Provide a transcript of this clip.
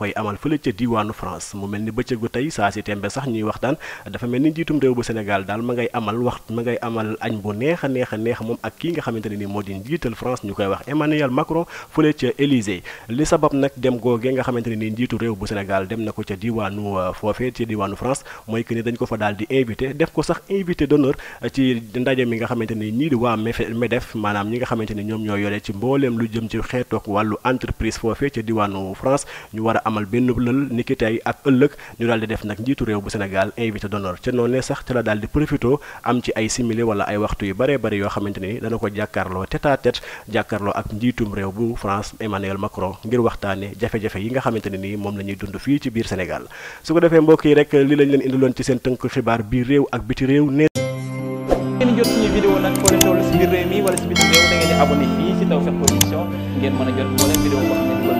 koy amal fële ca diwaanu France mu mel ni bëccëgu tey saa si tembe sax ñuy waxtaan dafa mel ni njiitum réew bu Sénégal daal ma ngay amal wax ma ngay amal añ bu neex a neex neex moom ak kii nga xamante ne ni moo di njiital France ñu koy wax Emmanuel Macron fële ca Élysée li sabab nag dem googee nga xamante ne ni njiitu réew bu Sénégal dem na ko ca diwaanu euh, foofee ca diwaanu France mooy que ni dañ ko fa daal di invité def ko sax invité d'honneur euh, ci ndaje mi nga xamante ni ñii di waa MEDEF maanaam ñi nga xamante ni ñoom ñoo yore ci mbooleem lu jëm ci xeetook wàllu entreprise foofee diwaanu amal benn lël niki tey ak ëllëg ñu daal def nag njiitu réew bu Sénégal invité d'honneur ca noonee sax ca la daal di profito am ci ay simili wala ay waxtu yu bare bari yoo xamante ni dana ko jàkkaarloo tête à tête jàkkaarloo ak njiitum réew bu France Emmanuel Macron ngir waxtaane jafe-jafe yi nga xamante ne nii moom la ñuy dund fii ci biir Sénégal su ko defee mbokk yi rek li lañ leen indiloon ci seen tënk xibaar biir réew ak biti réew nee réew mi wala si a jot moo leen vidéo boo